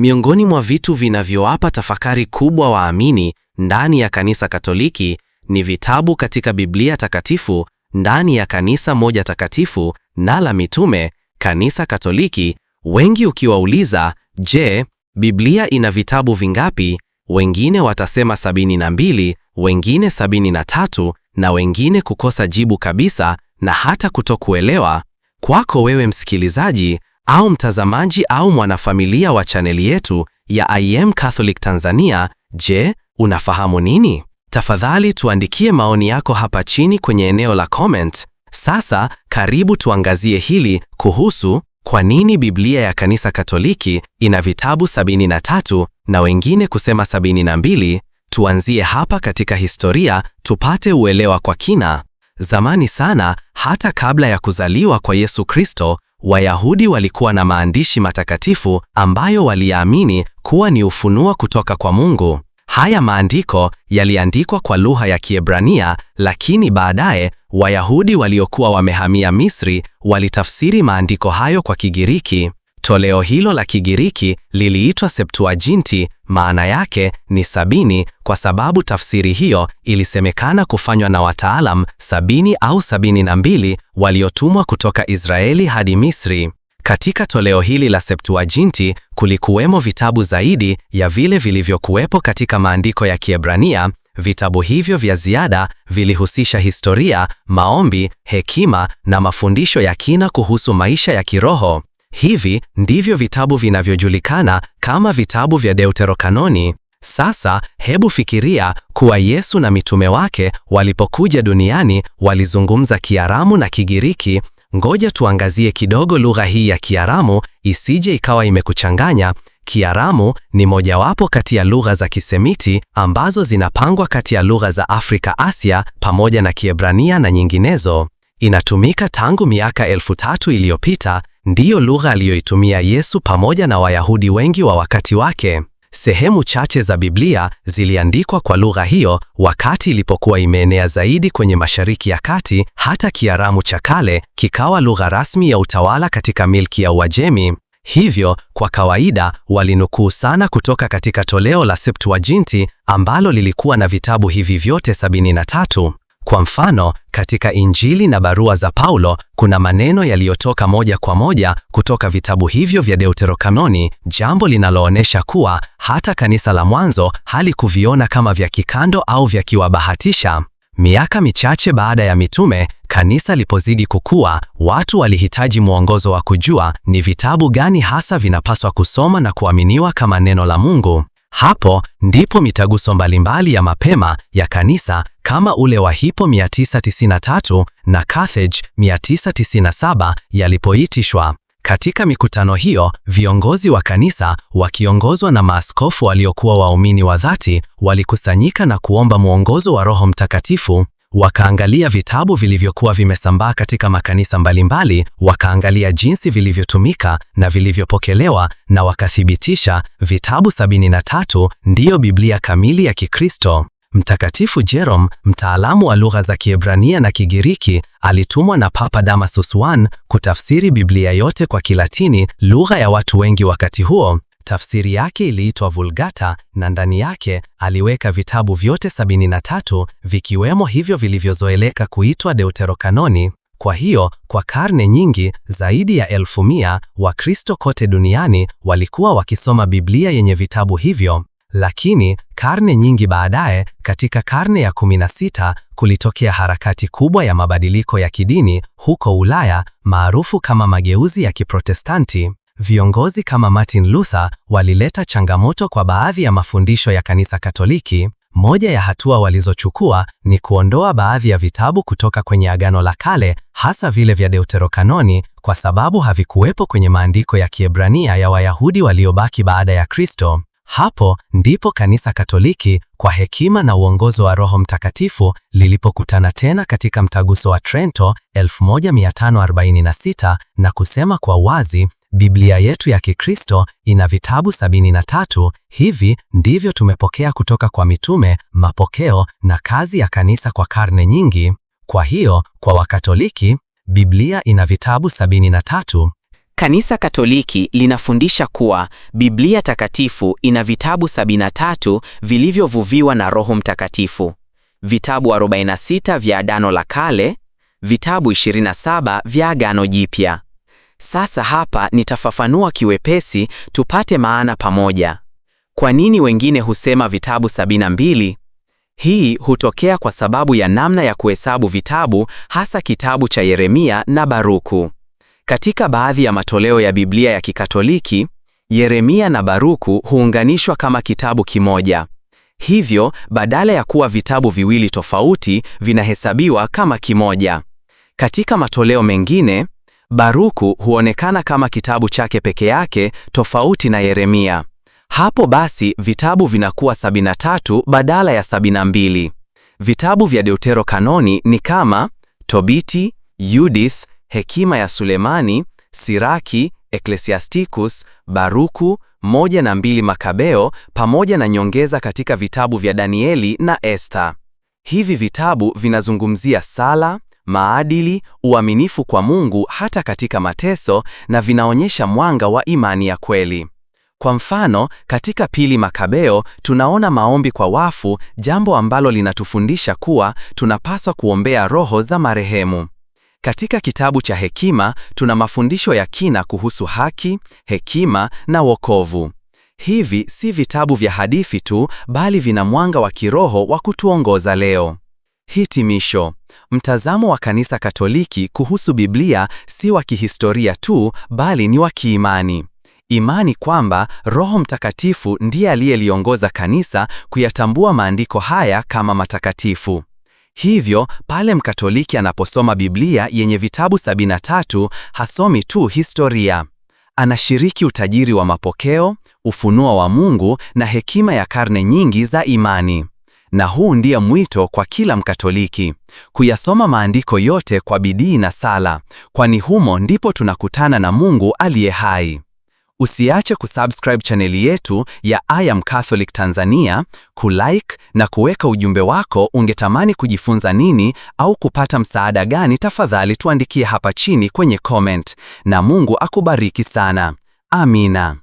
Miongoni mwa vitu vinavyowapa tafakari kubwa waamini ndani ya kanisa Katoliki ni vitabu katika Biblia Takatifu ndani ya kanisa moja takatifu na la mitume, kanisa Katoliki. Wengi ukiwauliza, je, Biblia ina vitabu vingapi? Wengine watasema sabini na mbili, wengine sabini na tatu, na wengine kukosa jibu kabisa na hata kutokuelewa. Kwako wewe msikilizaji, au mtazamaji au mwanafamilia wa chaneli yetu ya I Am Catholic Tanzania, je, unafahamu nini? Tafadhali tuandikie maoni yako hapa chini kwenye eneo la comment. Sasa karibu tuangazie hili kuhusu kwa nini Biblia ya Kanisa Katoliki ina vitabu 73 na wengine kusema 72. Tuanzie hapa katika historia tupate uelewa kwa kina. Zamani sana, hata kabla ya kuzaliwa kwa Yesu Kristo, Wayahudi walikuwa na maandishi matakatifu ambayo waliyaamini kuwa ni ufunuo kutoka kwa Mungu. Haya maandiko yaliandikwa kwa lugha ya Kiebrania, lakini baadaye Wayahudi waliokuwa wamehamia Misri walitafsiri maandiko hayo kwa Kigiriki. Toleo hilo la Kigiriki liliitwa Septuaginti maana yake ni sabini kwa sababu tafsiri hiyo ilisemekana kufanywa na wataalam sabini au sabini na mbili waliotumwa kutoka Israeli hadi Misri. Katika toleo hili la Septuaginti kulikuwemo vitabu zaidi ya vile vilivyokuwepo katika maandiko ya Kiebrania. Vitabu hivyo vya ziada vilihusisha historia, maombi, hekima na mafundisho ya kina kuhusu maisha ya kiroho. Hivi ndivyo vitabu vinavyojulikana kama vitabu vya Deuterokanoni. Sasa hebu fikiria kuwa Yesu na mitume wake walipokuja duniani walizungumza Kiaramu na Kigiriki. Ngoja tuangazie kidogo lugha hii ya Kiaramu isije ikawa imekuchanganya. Kiaramu ni mojawapo kati ya lugha za Kisemiti ambazo zinapangwa kati ya lugha za Afrika Asia pamoja na Kiebrania na nyinginezo. Inatumika tangu miaka elfu tatu iliyopita ndiyo lugha aliyoitumia Yesu pamoja na Wayahudi wengi wa wakati wake. Sehemu chache za Biblia ziliandikwa kwa lugha hiyo wakati ilipokuwa imeenea zaidi kwenye Mashariki ya Kati, hata Kiaramu cha kale kikawa lugha rasmi ya utawala katika milki ya Uajemi. Hivyo kwa kawaida walinukuu sana kutoka katika toleo la Septuaginti ambalo lilikuwa na vitabu hivi vyote 73. Kwa mfano, katika Injili na barua za Paulo kuna maneno yaliyotoka moja kwa moja kutoka vitabu hivyo vya Deuterokanoni, jambo linaloonyesha kuwa hata kanisa la mwanzo halikuviona kama vya kikando au vya kiwabahatisha. Miaka michache baada ya mitume, kanisa lipozidi kukua, watu walihitaji mwongozo wa kujua ni vitabu gani hasa vinapaswa kusoma na kuaminiwa kama neno la Mungu. Hapo ndipo mitaguso mbalimbali ya mapema ya kanisa kama ule wa Hippo 993 na Carthage 997 yalipoitishwa. Katika mikutano hiyo, viongozi wa kanisa wakiongozwa na maaskofu waliokuwa waumini wa dhati walikusanyika na kuomba mwongozo wa Roho Mtakatifu Wakaangalia vitabu vilivyokuwa vimesambaa katika makanisa mbalimbali, wakaangalia jinsi vilivyotumika na vilivyopokelewa, na wakathibitisha vitabu 73 ndiyo Biblia kamili ya Kikristo. Mtakatifu Jerome, mtaalamu wa lugha za Kiebrania na Kigiriki, alitumwa na Papa Damasus I kutafsiri Biblia yote kwa Kilatini, lugha ya watu wengi wakati huo. Tafsiri yake iliitwa Vulgata na ndani yake aliweka vitabu vyote 73 vikiwemo hivyo vilivyozoeleka kuitwa Deuterokanoni. Kwa hiyo, kwa karne nyingi zaidi ya elfu mia Wakristo kote duniani walikuwa wakisoma Biblia yenye vitabu hivyo. Lakini karne nyingi baadaye, katika karne ya 16 kulitokea harakati kubwa ya mabadiliko ya kidini huko Ulaya, maarufu kama mageuzi ya Kiprotestanti. Viongozi kama Martin Luther walileta changamoto kwa baadhi ya mafundisho ya Kanisa Katoliki. Moja ya hatua walizochukua ni kuondoa baadhi ya vitabu kutoka kwenye Agano la Kale, hasa vile vya Deuterokanoni, kwa sababu havikuwepo kwenye maandiko ya Kiebrania ya Wayahudi waliobaki baada ya Kristo. Hapo ndipo Kanisa Katoliki kwa hekima na uongozo wa Roho Mtakatifu lilipokutana tena katika mtaguso wa Trento 1546 na kusema kwa wazi, Biblia yetu ya Kikristo ina vitabu 73, hivi ndivyo tumepokea kutoka kwa mitume, mapokeo na kazi ya kanisa kwa karne nyingi. Kwa hiyo, kwa Wakatoliki, Biblia ina vitabu 73. Kanisa Katoliki linafundisha kuwa Biblia takatifu ina vitabu 73 vilivyovuviwa na Roho Mtakatifu, vitabu 46 vya Agano la Kale, vitabu 27 vya Agano Jipya. Sasa hapa nitafafanua kiwepesi tupate maana pamoja. Kwa nini wengine husema vitabu 72? Hii hutokea kwa sababu ya namna ya kuhesabu vitabu, hasa kitabu cha Yeremia na Baruku. Katika baadhi ya matoleo ya Biblia ya Kikatoliki, Yeremia na Baruku huunganishwa kama kitabu kimoja. Hivyo, badala ya kuwa vitabu viwili tofauti, vinahesabiwa kama kimoja. Katika matoleo mengine, Baruku huonekana kama kitabu chake peke yake tofauti na Yeremia. Hapo basi vitabu vinakuwa 73 badala ya 72. Vitabu vya Deuterokanoni ni kama Tobiti, Judith, Hekima ya Sulemani, Siraki, eklesiasticus Baruku, moja na mbili Makabeo, pamoja na nyongeza katika vitabu vya Danieli na Esther. Hivi vitabu vinazungumzia sala, maadili, uaminifu kwa Mungu hata katika mateso na vinaonyesha mwanga wa imani ya kweli. Kwa mfano, katika Pili Makabeo tunaona maombi kwa wafu, jambo ambalo linatufundisha kuwa tunapaswa kuombea roho za marehemu. Katika kitabu cha Hekima tuna mafundisho ya kina kuhusu haki, hekima na wokovu. Hivi si vitabu vya hadithi tu, bali vina mwanga wa kiroho wa kutuongoza leo. Hitimisho. Mtazamo wa Kanisa Katoliki kuhusu Biblia si wa kihistoria tu, bali ni wa kiimani. Imani kwamba Roho Mtakatifu ndiye aliyeliongoza Kanisa kuyatambua maandiko haya kama matakatifu. Hivyo pale Mkatoliki anaposoma Biblia yenye vitabu 73 hasomi tu historia. Anashiriki utajiri wa mapokeo, ufunuo wa Mungu na hekima ya karne nyingi za imani. Na huu ndiye mwito kwa kila Mkatoliki, kuyasoma maandiko yote kwa bidii na sala, kwani humo ndipo tunakutana na Mungu aliye hai. Usiache kusubscribe chaneli yetu ya I am Catholic Tanzania, kulike na kuweka ujumbe wako. Ungetamani kujifunza nini au kupata msaada gani? Tafadhali tuandikie hapa chini kwenye comment, na Mungu akubariki sana. Amina.